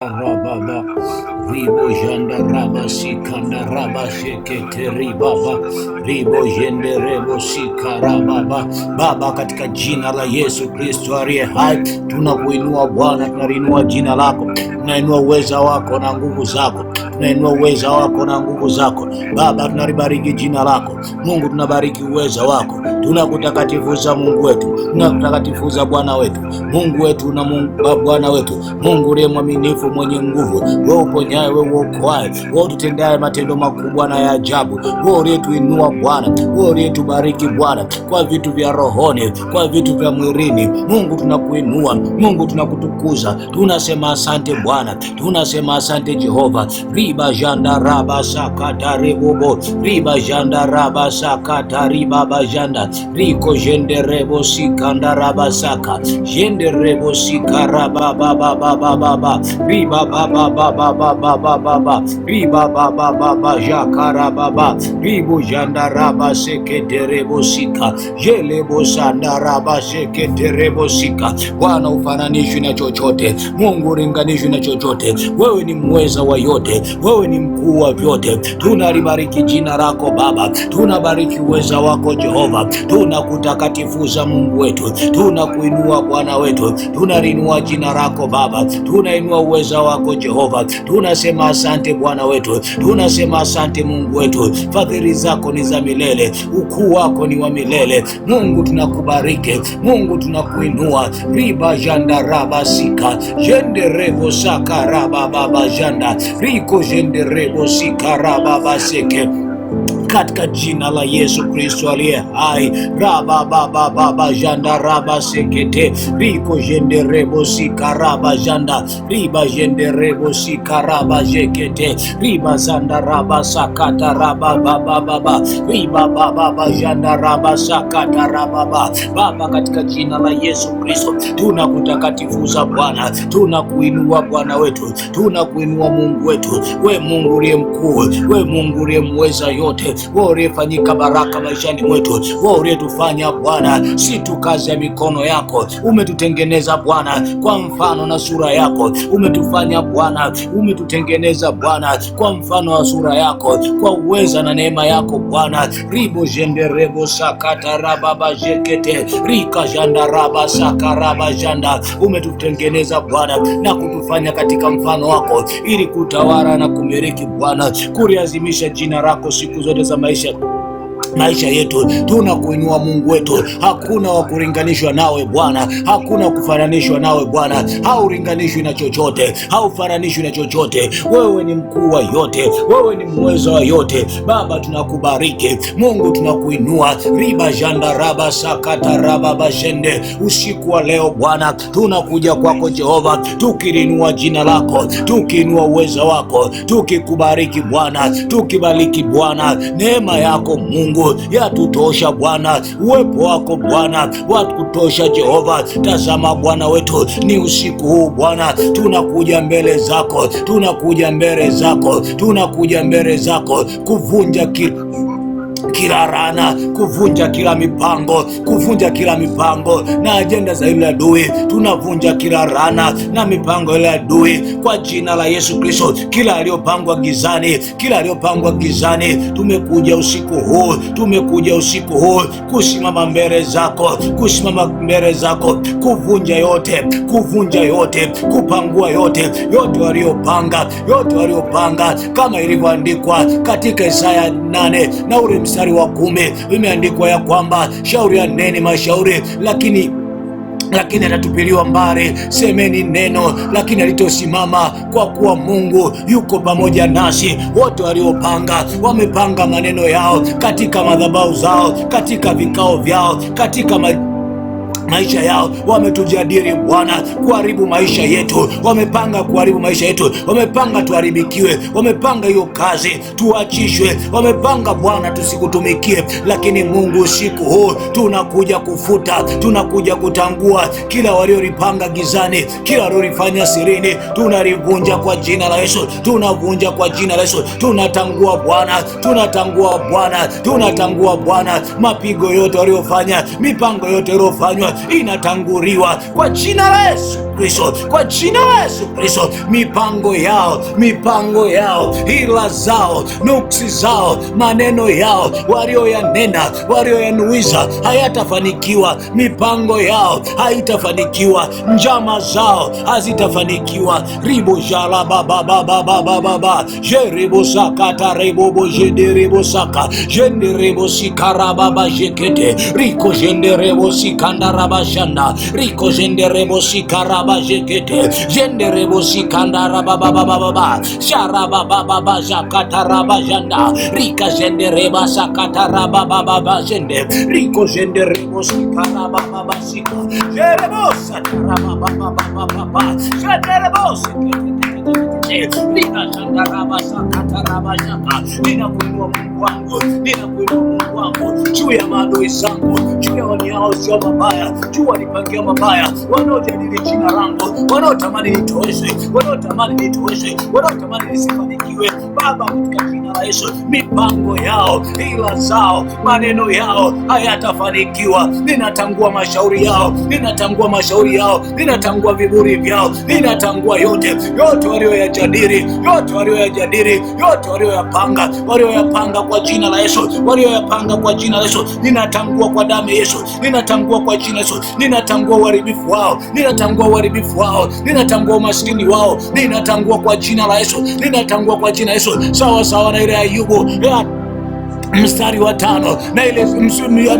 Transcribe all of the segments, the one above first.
Rababa Ribo Janda Raba Sikanda Raba Shekete Ribaba Ribo Jende Rebo Sikarababa Baba, katika jina la Yesu Kristo aliye hai, tunakuinua Bwana, tunalinua jina lako, tunainua uweza wako na nguvu zako tunainua uweza wako na nguvu zako Baba, tunalibariki jina lako Mungu, tunabariki uweza wako, tunakutakatifuza Mungu wetu, tunakutakatifuza Bwana wetu, Mungu wetu na Mungu, Bwana wetu, Mungu uliye mwaminifu, mwenye nguvu, wewe uponyaye, wewe uokoaye, wewe ututendaye matendo makubwa na ya ajabu, wewe uliyetuinua Bwana, wewe uliyetubariki Bwana kwa vitu vya rohoni, kwa vitu vya mwilini. Mungu tunakuinua, Mungu tunakutukuza, tunasema asante Bwana, tunasema asante Jehova riba janda raba sakata rebobo riba janda raba sakata riba bajanda riko jende rebo sikanda raba saka jende rebo sikara ba ba ba riba ba ba ba ba riba ba ba jakara ba ba janda raba sekete rebo sika jele bo sanda raba sekete rebo sika Bwana ufananishwi na chochote, Mungu ulinganishwi na chochote, wewe ni mweza wa yote wewe ni mkuu wa vyote. Tunalibariki jina lako Baba, tunabariki uweza wako Jehova, tunakutakatifuza Mungu wetu, tunakuinua Bwana wetu, tunalinua jina lako Baba, tunainua uweza wako Jehova, tunasema asante Bwana wetu, tunasema asante Mungu wetu, fadhili zako ni za milele, ukuu wako ni wa milele. Mungu tunakubariki, Mungu tunakuinua riba jandarabasika raba sika jenderevo saka janda riko jende rebo sikaraba baseke katika jina la Yesu Kristo aliye hai. baba janda raba sekete riko sika sikaraba janda riba sika sikaraba jekete riba zanda raba sakata raba baba riba baba janda raba sakata rababa Baba, katika jina la Yesu Kristo tunakutakatifuza Bwana, tunakuinua Bwana wetu, tunakuinua Mungu wetu, we Mungu uliye mkuu, we Mungu mweza yote wewe uliyefanyika baraka maishani mwetu, wewe uliyetufanya Bwana si tu kazi ya mikono yako, umetutengeneza Bwana kwa mfano na sura yako, umetufanya Bwana, umetutengeneza Bwana kwa mfano wa sura yako, kwa uweza na neema yako Bwana. ribo jenderebo sakata rababa jekete rika janda raba sakaraba janda, umetutengeneza Bwana na kutufanya katika mfano wako, ili kutawala na kumiliki Bwana, kuliazimisha jina lako siku zote kumaliza maisha yetu, tunakuinua Mungu wetu. Hakuna wa kulinganishwa nawe Bwana, hakuna kufananishwa nawe Bwana. Haulinganishwi na chochote, haufananishwi na chochote. Wewe ni mkuu wa yote, wewe ni mweza wa yote. Baba, tunakubariki Mungu, tunakuinua riba sakata sakataraba bashende. Usiku wa leo Bwana, tunakuja kwako Jehova, tukilinua jina lako, tukiinua uweza wako, tukikubariki Bwana, tukibariki Bwana, neema yako Mungu yangu yatutosha Bwana, uwepo wako Bwana watutosha Jehova. Tazama Bwana wetu, ni usiku huu Bwana, tunakuja mbele zako, tunakuja mbele zako, tunakuja mbele zako kuvunja kitu kila rana, kuvunja kila mipango, kuvunja kila mipango na ajenda za ile adui. Tunavunja kila rana na mipango ile adui kwa jina la Yesu Kristo. Kila aliyopangwa gizani, kila aliyopangwa gizani, tumekuja usiku huu, tumekuja usiku huu kusimama mbele zako, kusimama mbele zako, kuvunja yote, kuvunja yote, kupangua yote, yote waliopanga, yote waliopanga, kama ilivyoandikwa katika Isaya nane na ule mstari mstari wa kumi imeandikwa ya kwamba neni mashauri lakini lakini atatupiliwa mbali. Semeni neno lakini alitosimama, kwa kuwa Mungu yuko pamoja nasi. Wote waliopanga wamepanga maneno yao katika madhabahu zao, katika vikao vyao, katika ma maisha yao, wametujadili Bwana kuharibu maisha yetu, wamepanga kuharibu maisha yetu, wamepanga tuharibikiwe, wamepanga hiyo kazi tuachishwe, wamepanga Bwana tusikutumikie. Lakini Mungu, usiku huu tunakuja kufuta, tunakuja kutangua kila waliolipanga gizani, kila waliolifanya sirini, tunalivunja kwa jina la Yesu, tunavunja kwa jina la Yesu, tunatangua Bwana, tunatangua Bwana, tunatangua Bwana, mapigo yote waliofanya, mipango yote iliyofanywa inatanguliwa kwa jina la Yesu. Kristo, kwa jina la Yesu Kristo. Mipango yao, mipango yao, hila zao, nuksi zao, maneno yao walioyanena, walioyanuiza hayatafanikiwa. Mipango yao haitafanikiwa, njama zao hazitafanikiwa. ribu jala baba baba baba baba jeribu saka taribu bujidiribu saka jendiribu sikara baba jekete riko jendiribu sikandara bashanda riko jendiribu sikara baba jekete jendere baba baba shara baba baba jakata raba janda rika baba jende riko baba baba baba Ninakuinua Mungu wangu, ninakuinua Mungu wangu juu ya maadui zangu, juu ya waniao sio mabaya, juu wanipangia mabaya, wanaojadili jina langu, wanaotamani nitoweze, wanaotamani nitoweze, wanaotamani nisifanikiwe Baba katika Yesu, mipango yao, hila zao, maneno yao hayatafanikiwa. Ninatangua mashauri yao, ninatangua mashauri yao, ninatangua viburi vyao, ninatangua yote yote walioyajadili, yote walioyajadili, yote walioyapanga, walioyapanga kwa jina la Yesu, walioyapanga kwa jina la Yesu, ninatangua kwa damu ya Yesu, ninatangua kwa jina la Yesu, ninatangua uharibifu wao, ninatangua uharibifu wao, ninatangua umaskini wao, ninatangua kwa jina la Yesu, ninatangua kwa jina la Yesu, sawa sawa That you will. mstari wa tano na ile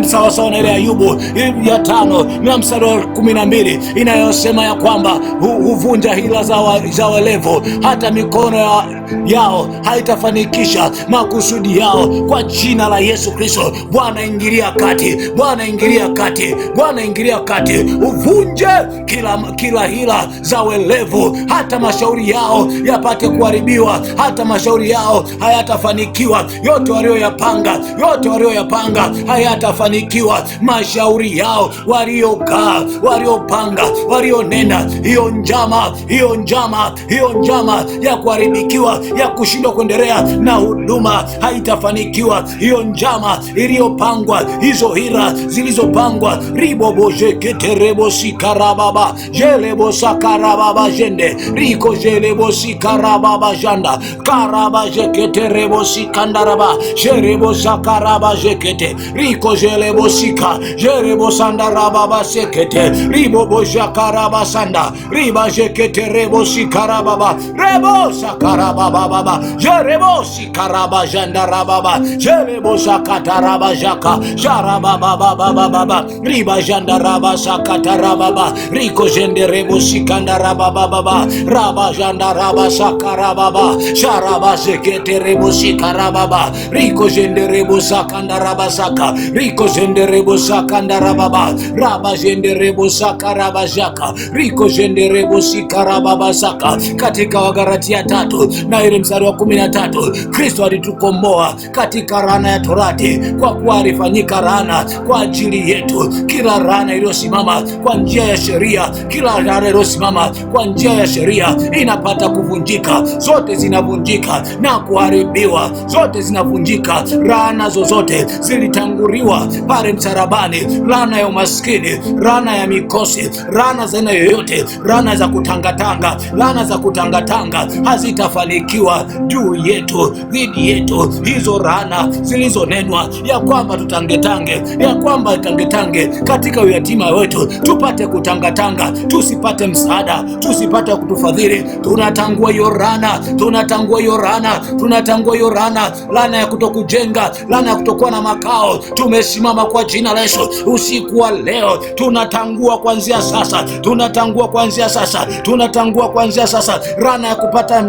sawa na ile Ayubu ya tano na mstari wa kumi na mbili inayosema ya kwamba huvunja hila za, wa, za walevu, hata mikono ya, yao haitafanikisha makusudi yao. Kwa jina la Yesu Kristo, Bwana ingilia kati, Bwana ingilia kati, Bwana ingilia kati, uvunje kila, kila hila za welevu, hata mashauri yao yapate kuharibiwa, hata mashauri yao hayatafanikiwa, yote walioyapanga waliyoyapanga, yote walioyapanga hayatafanikiwa. Mashauri yao waliokaa, waliopanga, walionena, hiyo njama, hiyo njama, hiyo njama ya kuharibikiwa, ya kushindwa kuendelea na huduma haitafanikiwa. Hiyo njama iliyopangwa, hizo hira zilizopangwa, ribobojeketerebosikarababa jelebosakarababa jende riko jelebosikarababa janda karabajeketerebosi kandaraba jerebo Rebo sakaraba jekete. Riko jelebo sika. Jerebo sanda rababa sekete. Ribo boja karaba sanda. Riba jekete rebo sikarababa. Rebo sakarababa baba. Jerebo sikaraba janda rababa. Jerebo sakata raba jaka. Jarababa baba baba. Riba janda raba sakata rababa. Riko jende rebo sikanda rababa baba. Raba janda raba sakarababa. Sharaba sekete rebo sikarababa. Riko jende zenderebo sakandaraba saka riko zenderebo sakandarababa raba zenderebo sakaraba zaka riko zenderebo sikarababa saka. Katika wagaratia tatu na ile mstari wa kumi na tatu Kristo alitukomboa katika rana ya torati, kwa kuwa alifanyika rana kwa ajili yetu. Kila rana iliyosimama kwa njia ya sheria, kila laana iliyosimama kwa njia ya sheria inapata kuvunjika, zote zinavunjika na kuharibiwa, zote zinavunjika rana zozote zilitanguliwa pale msalabani, rana ya umaskini, rana ya mikosi, rana za aina yoyote, rana za kutangatanga, rana za kutangatanga hazitafanikiwa juu yetu, dhidi yetu. Hizo rana zilizonenwa ya kwamba tutangetange, ya kwamba tangetange katika uyatima wetu, tupate kutangatanga, tusipate msaada, tusipate kutufadhili, tunatangua hiyo rana tunatangua hiyo rana tunatangua hiyo rana rana ya kutokujenga kupinga laana ya kutokuwa na makao. Tumesimama kwa jina la Yesu usiku wa leo, tunatangua kuanzia sasa, tunatangua kuanzia sasa, tunatangua kuanzia sasa laana ya kupata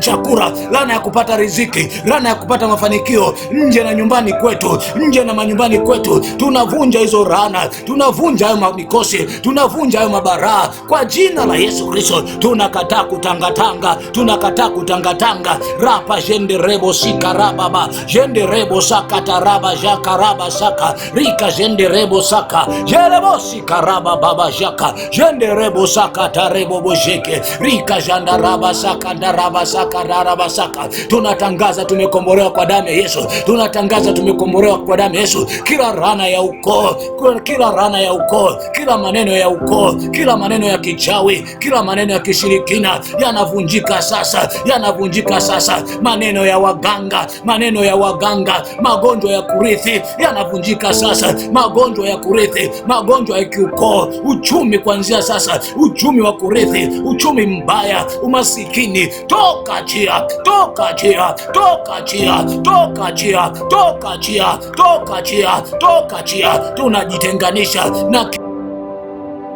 chakula, laana ya kupata riziki, laana ya kupata mafanikio nje na nyumbani kwetu, nje na manyumbani kwetu. Tunavunja hizo laana, tunavunja hayo mikosi, tunavunja hayo mabaraa kwa jina la Yesu Kristo. Tunakataa kutangatanga, tunakataa kutangatanga. rapa jende rebo sikarababa jenderebo sakataraba jakaraba saka rika jende rebo saka jerebo sikaraba baba jaka jende rebo saka tarebo bojeke rika jandaraba saka ndaraba saka shakararabashaka. Tunatangaza tumekombolewa kwa damu ya Yesu, tunatangaza tumekombolewa kwa damu ya Yesu. Kila rana ya ukoo, kila rana ya ukoo, kila maneno ya ukoo, kila maneno ya kichawi, kila maneno ya kishirikina yanavunjika sasa, yanavunjika sasa. Maneno ya waganga, maneno ya waganga, magonjwa ya kurithi yanavunjika sasa, magonjwa ya kurithi, magonjwa ya kiukoo, uchumi kuanzia sasa, uchumi wa kurithi, uchumi mbaya, umasikini toka toka njia, toka chia toka chia toka chia toka chia toka chia toka njia. Tunajitenganisha na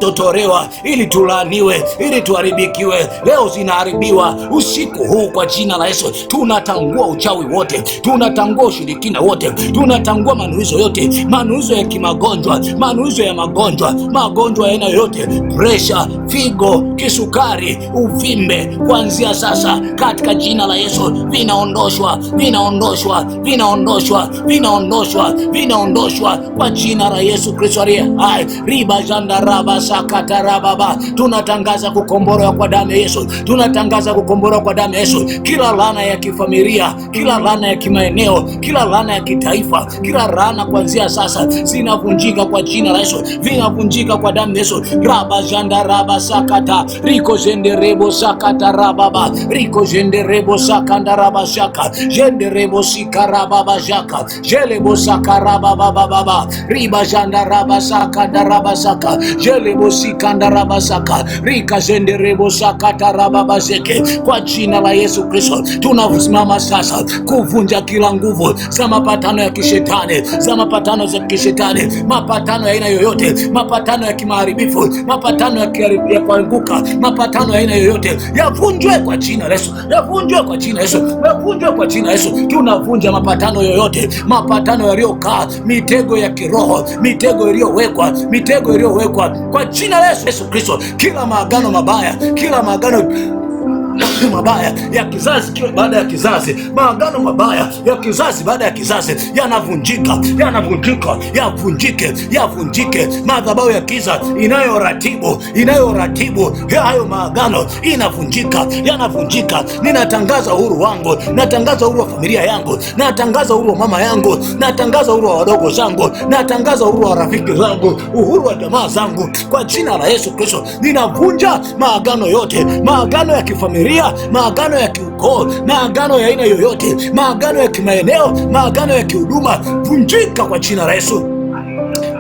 totorewa, ili tulaniwe ili tuharibikiwe. Leo zinaharibiwa usiku huu kwa jina la Yesu. Tunatangua uchawi wote, tunatangua ushirikina wote, tunatangua manuizo yote, manuizo ya kimagonjwa, manuizo ya magonjwa, magonjwa ya aina yoyote, presha, figo, kisukari, uvimbe, kuanzia sasa katika jina la Yesu vinaondoshwa, vinaondoshwa, vinaondoshwa, vinaondoshwa, vinaondoshwa kwa jina la Yesu Kristo aliye hai riba jandarabas shakatarababa. Tunatangaza kukomborwa kwa damu ya Yesu, tunatangaza kukomborwa kwa damu ya Yesu. Kila laana ya kifamilia, kila laana ya kimaeneo, kila laana ya kitaifa, kila laana kuanzia sasa zinavunjika kwa jina la Yesu, vinavunjika kwa damu ya Yesu. raba janda raba sakata riko jende rebo sakata rababa riko jende rebo sakanda raba shaka jende rebo sikara baba shaka jelebo sakara baba baba riba janda raba sakanda raba shaka jele rebo sikanda rika zende rebo Kwa jina la Yesu Kristo tunasimama sasa kuvunja kila nguvu za mapatano ya kishetani, za mapatano za kishetani, mapatano ya aina yoyote, mapatano ya kimaharibifu, mapatano ya kuanguka, mapatano ya aina yoyote yavunjwe kwa jina la Yesu, yavunjwe kwa jina la Yesu, yavunjwe kwa jina la Yesu. Tunavunja mapatano yoyote, mapatano yaliyokaa, mitego ya kiroho, mitego iliyowekwa, mitego iliyowekwa kwa jina la Yesu Kristo, kila maagano mabaya, kila maagano mabaya ya kizazi kile baada ya kizazi, maagano mabaya ya kizazi baada ya kizazi yanavunjika, yanavunjika, yavunjike, yavunjike. Madhabahu ya kiza inayoratibu, inayoratibu hayo maagano inavunjika, yanavunjika. Ninatangaza uhuru wangu, natangaza uhuru wa familia yangu, natangaza uhuru wa mama yangu, natangaza uhuru wa wadogo zangu, natangaza uhuru wa rafiki zangu, uhuru wa jamaa zangu, kwa jina la Yesu Kristo ninavunja maagano yote, maagano ya kifamilia Biblia, maagano ya kiukoo, maagano ya aina yoyote, maagano ya kimaeneo, maagano ya kihuduma, vunjika kwa jina la Yesu.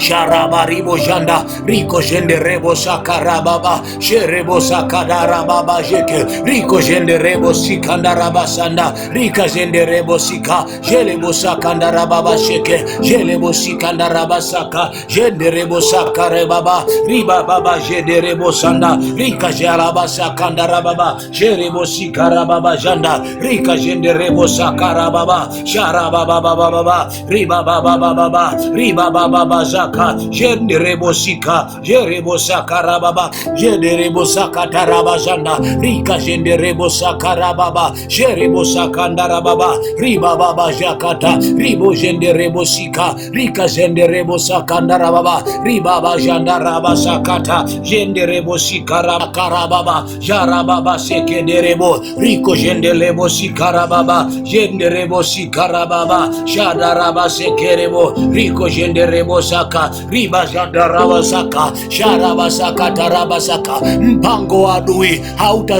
Sharaba ribo janda riko jende rebo sakarababa sherebo sakadarababa jeke riko jende rebo sikandaraba sanda rika jende rebo sika jelebo sakandarababa sheke jelebo sikandaraba saka jende rebo sakarebaba riba baba jende rebo sanda rika jaraba sakandarababa jerebo sikarababa janda rika jende rebo sakarababa sharababa baba baba riba baba baba riba baba baba rebosaka jende rebosika jerebosaka rababa jende rebosaka tarabajanda rika jende rebosaka rababa jerebosaka ndarababa ribababa jakata ribo jende rebosika rika jende rebosaka ndarababa ribaba jandaraba sakata jende rebosika rakarababa b a jarababa sekenderebo riko jende rebosika rababa jende rebosika rababa jadaraba sekerebo riko jende rebosaka a a a r b b saka riba jandarabasaka sharabasaka tarabasaka. Mpango wa adui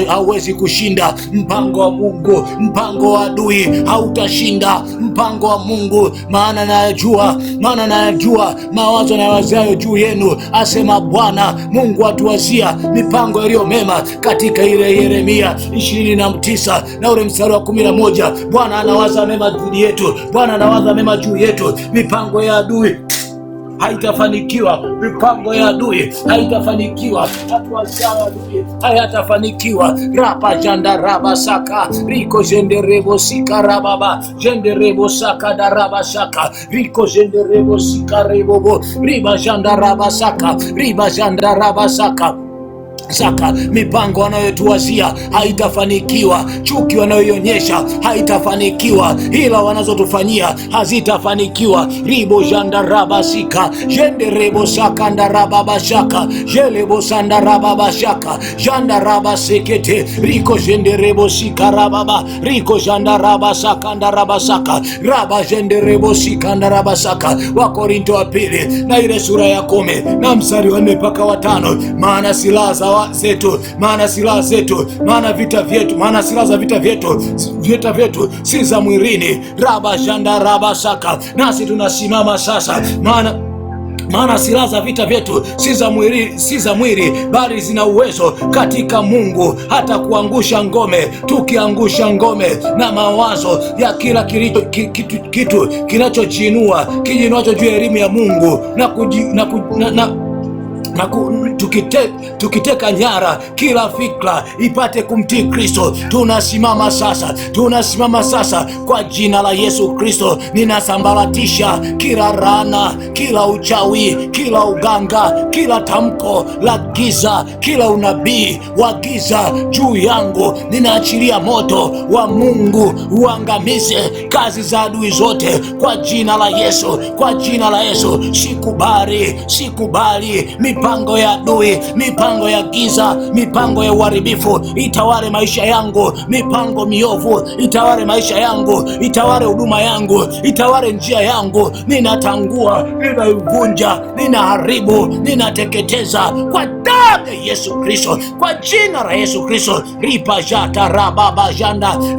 hauwezi kushinda mpango wa Mungu, mpango wa adui hautashinda mpango wa Mungu, maana nayajua, maana nayajua mawazo nayawazayo juu yenu, asema Bwana Mungu, atuwazia mipango iliyo mema, katika ile Yeremia 29 na ule mstari wa 11. Bwana anawaza mema juu yetu, Bwana anawaza mema juu yetu, mipango ya adui haitafanikiwa. Mipango ya adui haitafanikiwa. Hatua za adui hayatafanikiwa. rapa raba saka riko jenderebo sika rababa jenderebo saka daraba saka riko jenderebo sika rebobo riba jandaraba saka riba jandaraba saka zaka. Mipango wanayotuwazia haitafanikiwa, chuki wanayoionyesha haitafanikiwa, hila wanazotufanyia hazitafanikiwa. ribo jandarabasika jenderebosakandarababashaka jandaraba sekete riko jende rebo sika rababa riko jandaraba saka jandarabasakandarabasaka raba jende rebo sika jenderebosikandarabaska Wakorinto wa pili na ile sura ya kumi na mstari wa nne mpaka watano maana silaha za silaha zetu, maana silaha zetu, maana vita vyetu, maana silaha za vita vyetu, vita vyetu si za mwilini, raba janda raba saka, nasi tunasimama sasa, maana maana silaha za vita vyetu si za mwili, si za mwili bali zina uwezo katika Mungu hata kuangusha ngome, tukiangusha ngome na mawazo ya kila kilicho, kitu, kitu kinachojiinua kijinacho juu ya elimu ya Mungu na, kuji, na, na, na na tukite, tukiteka nyara kila fikra ipate kumtii Kristo. Tunasimama sasa, tunasimama sasa kwa jina la Yesu Kristo. Ninasambaratisha kila rana, kila uchawi, kila uganga, kila tamko la giza, kila unabii wa giza juu yangu. Ninaachilia moto wa Mungu uangamize kazi za adui zote kwa jina la Yesu, kwa jina la Yesu. Sikubali, sikubali mipa mipango ya adui, mipango ya giza, mipango ya uharibifu itaware maisha yangu, mipango miovu itaware maisha yangu, itaware huduma yangu, itaware njia yangu. Ninatangua, ninaivunja, ninaharibu, ninateketeza kwa damu ya Yesu Kristo, kwa jina la Yesu Kristo.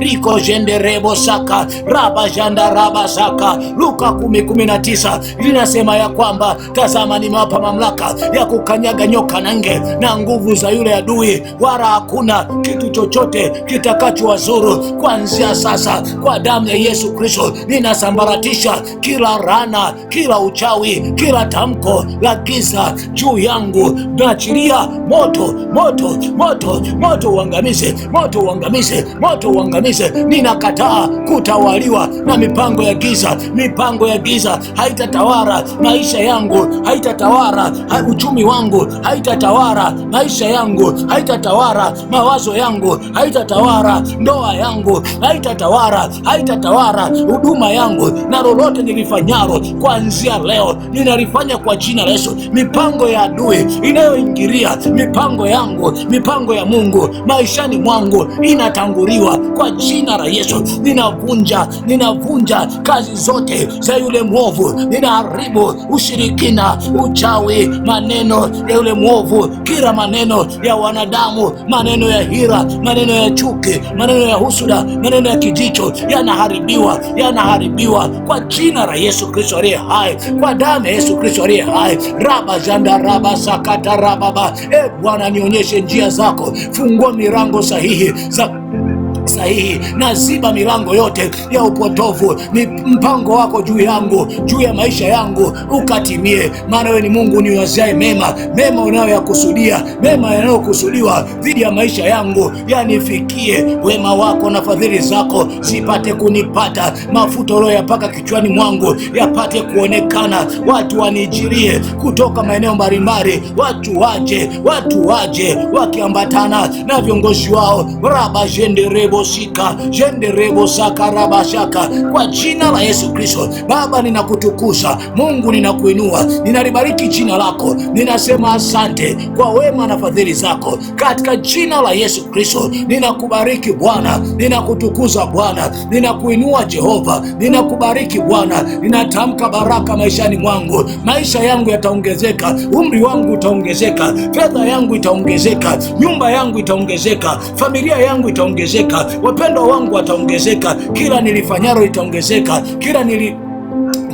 riko jende rebo saka raba saka. Luka 10:19 linasema ya kwamba tazama, nimewapa mamlaka ya kukanyaga nyoka nange na nguvu za yule adui, wala hakuna kitu chochote kitakachowazuru. Kuanzia sasa, kwa damu ya Yesu Kristo, ninasambaratisha kila rana, kila uchawi, kila tamko la giza juu yangu. Naachilia moto, moto, moto, moto uangamize, moto uangamize, moto uangamize. Ninakataa kutawaliwa na mipango ya giza. Mipango ya giza haitatawala maisha yangu, haitatawala uchumi uchumi wangu, haitatawara maisha yangu, haitatawara mawazo yangu, haitatawara ndoa yangu, haitatawara haitatawara huduma yangu, na lolote nilifanyalo kuanzia leo ninalifanya kwa jina la Yesu. Mipango ya adui inayoingilia mipango yangu, mipango ya Mungu maishani mwangu inatanguliwa kwa jina la Yesu. Ninavunja, ninavunja kazi zote za yule mwovu, ninaharibu ushirikina, uchawi, maneno maneno ya yule mwovu, kila maneno ya wanadamu, maneno ya hira, maneno ya chuki, maneno ya husuda, maneno ya kijicho yanaharibiwa, yanaharibiwa kwa jina la Yesu Kristo aliye hai, kwa damu ya Yesu Kristo aliye hai. raba janda raba sakata rababa. E Bwana, nionyeshe njia zako, fungua milango sahihi za sahihi, naziba milango yote ya upotovu. Ni mpango wako juu yangu, juu ya maisha yangu, ukatimie, maana wewe ni Mungu niwaziae mema. Mema unayoyakusudia, mema yanayokusudiwa dhidi ya maisha yangu yanifikie. Wema wako na fadhili zako zipate kunipata, mafuta uliyoyapaka kichwani mwangu yapate kuonekana, watu wanijirie kutoka maeneo mbalimbali, watu waje, watu waje wakiambatana na viongozi wao raba jenderebo shika jenderebo sakarabashaka. Kwa jina la Yesu Kristo, Baba ninakutukuza, Mungu ninakuinua, ninalibariki jina lako, ninasema asante kwa wema na fadhili zako. Katika jina la Yesu Kristo ninakubariki Bwana, ninakutukuza Bwana, ninakuinua Jehova, ninakubariki Bwana, ninatamka baraka maishani mwangu. Maisha yangu yataongezeka, umri wangu utaongezeka, fedha yangu itaongezeka, nyumba yangu itaongezeka, familia yangu itaongezeka Wapendwa wangu wataongezeka, kila nilifanyalo itaongezeka, kila nili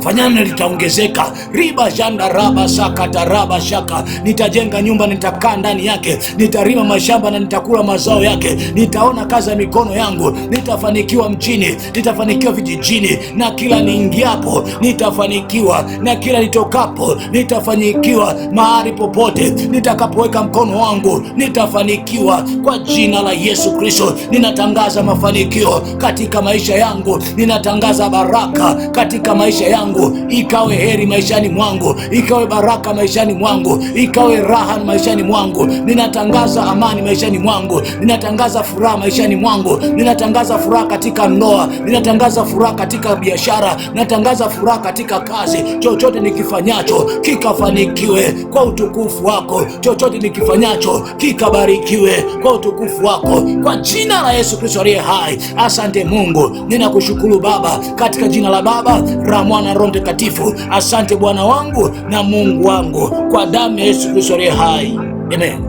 fanyana litaongezeka. riba janda raba saka taraba shaka, nitajenga nyumba, nitakaa ndani yake, nitarima mashamba na nitakula mazao yake, nitaona kazi ya mikono yangu, nitafanikiwa mchini, nitafanikiwa vijijini, na kila niingiapo nitafanikiwa, na kila nitokapo nitafanikiwa, mahali popote nitakapoweka mkono wangu nitafanikiwa. Kwa jina la Yesu Kristo ninatangaza mafanikio katika maisha yangu, ninatangaza baraka katika maisha yangu mwangu, ikawe heri maishani mwangu, ikawe baraka maishani mwangu, ikawe raha maishani mwangu. Ninatangaza amani maishani mwangu, ninatangaza furaha maishani mwangu, ninatangaza furaha katika ndoa, ninatangaza furaha katika biashara, ninatangaza furaha katika kazi. Chochote nikifanyacho kikafanikiwe kwa utukufu wako, chochote nikifanyacho kikabarikiwe kwa utukufu wako, kwa jina la Yesu Kristo aliye hai. Asante Mungu, ninakushukuru Baba, katika jina la Baba la Mwana Roho Mtakatifu. Asante Bwana wangu na Mungu wangu kwa damu ya Yesu Kristo aliye hai. Amen.